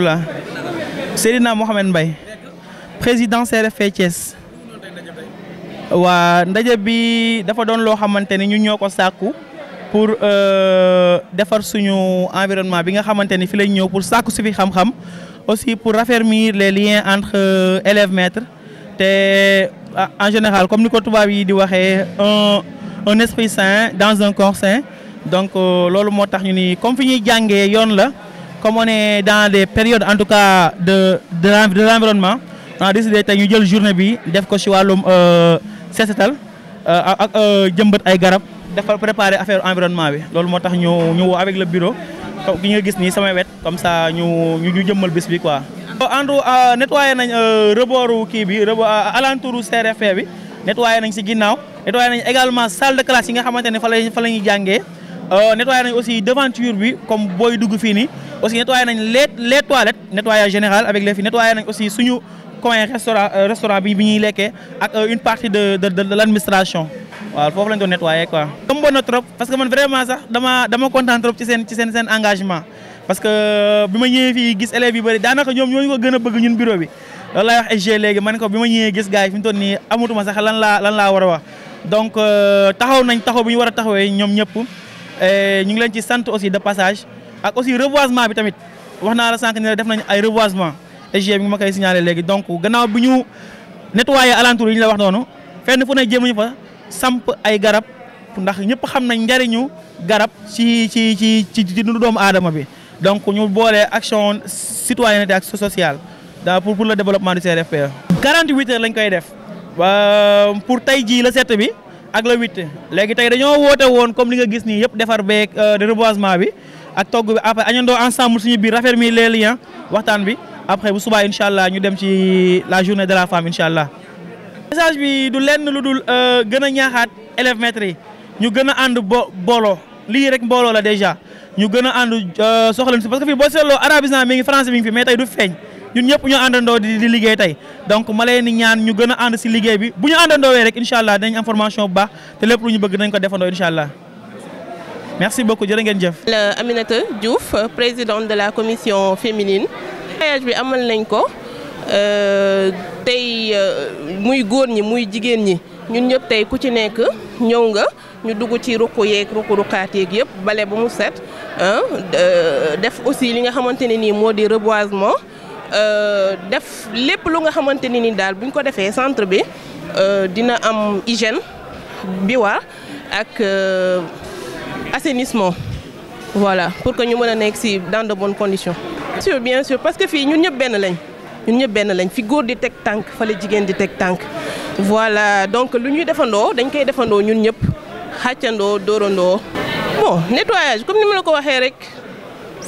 rahmatullah Seydina Mohamed Mbaye président CRFP Thiès waa ndaje bi dafa doon loo xamante ni ñun ñoo ko sàkku pour euh, defar suñu environnement bi nga xamante ni fi lañ ñëw pour sàkku su xam-xam aussi pour raffermir les liens entre euh, élèves maîtres te euh, en général comme ni ko tubaab yi di waxee un un esprit sain dans un corps donc loolu moo tax ñu ni comme fi ñuy jànge yoon la. comme on est dans des période en tout cas de de de l'environnement on tey ñu jël journée bi def ko si wàllum euh, sesetal euh, ak euh, jëmbët ay garab dafa préparer affaire environnement bi loolu moo tax ñu ñu woo avec la bureau comme ki gis nii sama wet comme ça ñu ñu jëmmal bis bi quoi. andu nettoyé nañ rebooru kii bi rebord alentouru CRFP bi nettoyé nañ si ginnaaw nettoyé nañ également salle de classe yi nga xamante ne fa la fa la ñuy jàngee nettoyé nañ aussi devanture bi comme booy dugg fii nii. aussi nettoyé nañ les les toilettes nettoyage général avec les filles nettoyé nañ aussi suñu coin restaurant euh, restaurant bi bi ñuy lekkee ak euh, une partie de de de l' administration waaw foofu lañ doon nettoyé quoi. ëmboon trop parce que man vraiment sax dama dama kontaan trop ci seen ci seen seen engagement parce que euh, bi ma ñëwee gis élèves yi bari daanaka ñoom ñoo ñu ko gën a bëgg ñun bureau bi loolu laay wax SG léegi man ko bi ma ñëwee gis gars yi fi mu toll nii amatuma sax lan laa lan laa war a wax donc taxaw nañ taxaw bi ñu war a taxawee ñoom ñëpp ñu ngi leen ci sant aussi de passage. ak aussi reboisement bi tamit wax naa la sànq ne def nañ ay reboisement SG bi nga ma koy signalé léegi donc gannaaw bi ñu nettoyé alentour yi ñu la wax noonu fenn fu ne jéem nañu fa samp ay garab ndax ñëpp xam nañ njariñu garab ci ci ci ci ci dundu doomu aadama bi donc ñu boolee action de ak sociale daa pour pour le développement du CRFPE. 48 heures lañ koy def pour tey jii le 7 bi ak le 8 léegi tey dañoo woote woon comme li nga gis nii yëpp defar beeg euh, reboisement bi. ak togg bi après añandoo ensemble suñu biir raffermir les liens waxtaan bi après bu subaa incha allah ñu dem ci la journée de la femme incha allah. message bi du lenn lu dul euh, gën a ñaaxaat élèves maîtres yi ñu gën a ànd bo booloo lii rek mbooloo la déjà ñu gën a ànd euh, soxla si parce que fii boo seetloo arabisant mi ngi français mi ngi fi mais tey du feeñ ñun ñëpp ñoo àndandoo di liggéey tey donc ma leen ñaan ñu gën a ànd si liggéey bi bu ñu àndandoowee rek incha allah formation bu baax te ñu bëgg nañ ko defandoo incha allah. merci beaucoup jërë ngeen jëf. Aminata Diouf président de la commission féminine. voyage bi amal nañ ko euh, tey euh, muy góor ñi muy jigéen ñi ñun ñëpp tey ku ci nekk ñëw nga ñu dugg ci ruqu yeeg ruqu ruqaat yeeg yëpp bale ba mu set. Euh, def aussi li nga xamante ne nii moo di reboisement def lépp lu nga xamante ne ni daal buñ ko defee centre bi dina am hygiène bi waa ak. assainissement voilà pour que ñu mën a nekk si dans de bonnes conditions. bien sûr bien sûr parce que fii ñun ñëpp benn lañ ñun ñëpp benn lañ fi góor di teg tànk fa la jigéen di teg tànk voilà donc lu ñuy defandoo dañ koy defandoo ñun ñëpp xàccandoo dóorandoo. bon nettoyage comme ni ma la ko waxee rek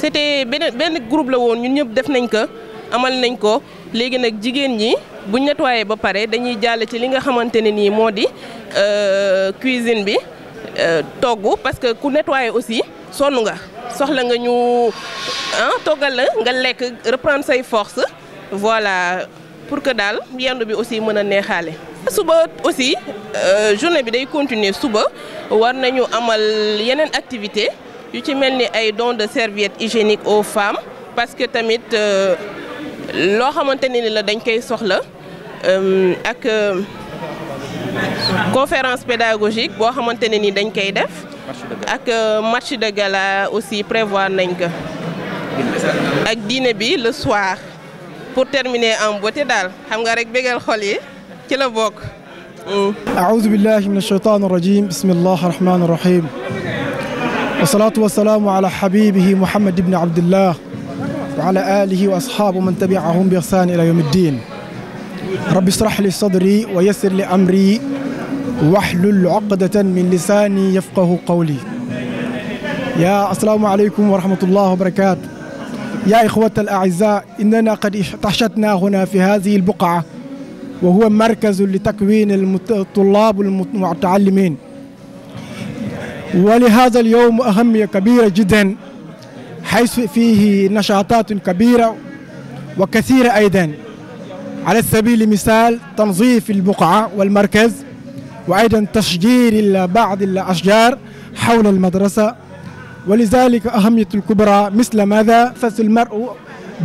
c'était benn benn groupe la woon ñun ñëpp def nañ ko amal nañ ko léegi nag jigéen ñi buñ nettoyé ba pare dañuy jàll ci li nga xamante ne nii moo di euh, cuisine bi. togg parce que ku nettoyer aussi sonn nga soxla nga ñu ah toggal la nga lekk reprendre say force voilà pour que daal yendu bi aussi mën a neexaale. suba aussi euh, journée bi day continuer suba war nañu amal yeneen activité yu ci mel ni ay don de serviette hygiénique au femmes parce que tamit euh, loo xamante ne ni la dañ koy soxla euh, ak. conférence pédagogique boo xamante ne ni dañ koy def. ak euh, match de gala aussi prévoir nañ ko. ak dîner bi le soir. pour terminer en beauté daal xam nga rek bégal xol yi ci la bokk. Hmm. aouzu billahi min ashaytan arrajim bismillah arrahman arrahim wasalaatu wasalaamu ala xabibihi muhammad ibni abdillah wa ala alihi wa ashaabu man tabiahum bi ihsaan ila yawmi ddin rabbi israh li sadri wa yassir li amri waxlul uqdatan min lisaani yafqahu qawli yaa asalaamu aleykum wa rahmatullah wa barakaatu yaa ixwata al aisa innana qad taxshatna huna fi hadihi al buqaa wa huwa markazu li takwin al tullaab al mutaallimin wa li hada al yowm ahamiya kabira jiddan xaysu fiihi nashaataatun kabira wa kathira aydan ala sabili misal tanzif al buqaa wal markaz وأيضا تشجير بعض الأشجار حول المدرسة ولذلك أهمية الكبرى مثل ماذا فس المرء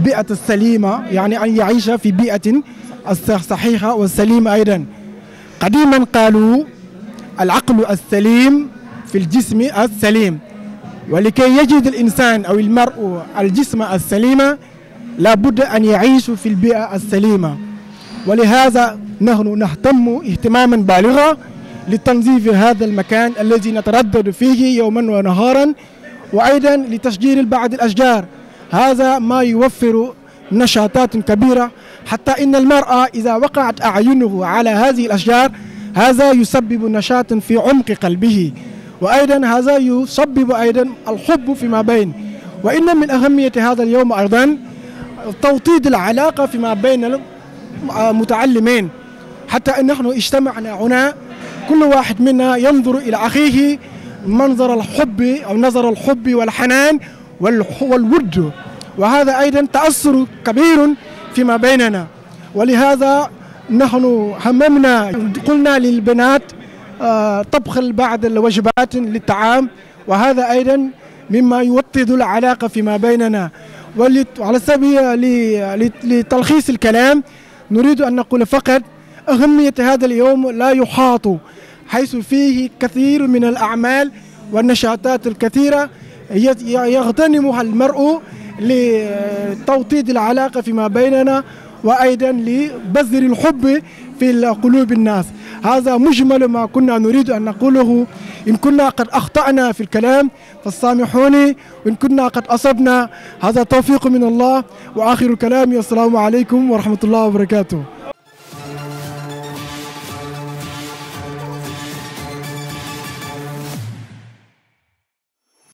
بيئة السليمة يعني أن يعيش في بيئة الصحيحة والسليمة أيضا قديما قالوا العقل السليم في الجسم السليم ولكي يجد الإنسان أو المرء الجسم السليم لابد أن يعيش في البيئة السليمة ولهذا نحن نهتم اهتماما بالغا لتنظيف هذا المكان الذي نتردد فيه يوما ونهارا وأيضا لتشجير بعض الأشجار هذا ما يوفر نشاطات كبيرة حتى إن المرأة إذا وقعت أعينه على هذه الأشجار هذا يسبب نشاط في عمق قلبه وأيضا هذا يسبب أيضا الحب فيما بين وإن من أهمية هذا اليوم أيضا توطيد العلاقة فيما بين المتعلمين حتى أن نحن اجتمعنا هنا كل واحد منا ينظر إلى أخيه منظر الحب أو نظر الحب والحنان والود وهذا أيضا تأثر كبير فيما بيننا ولهذا نحن هممنا قلنا للبنات طبخ بعض الوجبات للطعام وهذا أيضا مما يوطد العلاقة فيما بيننا وعلى سبيل لتلخيص الكلام نريد أن نقول فقط أهمية هذا اليوم لا يحاط حيث فيه كثير من الأعمال والنشاطات الكثيرة يغتنمها المرء لتوطيد العلاقة فيما بيننا وأيضا لبذر الحب في قلوب الناس هذا مجمل ما كنا نريد أن نقوله إن كنا قد أخطأنا في الكلام فسامحوني وإن كنا قد أصبنا هذا توفيق من الله وآخر كلامي السلام عليكم ورحمة الله وبركاته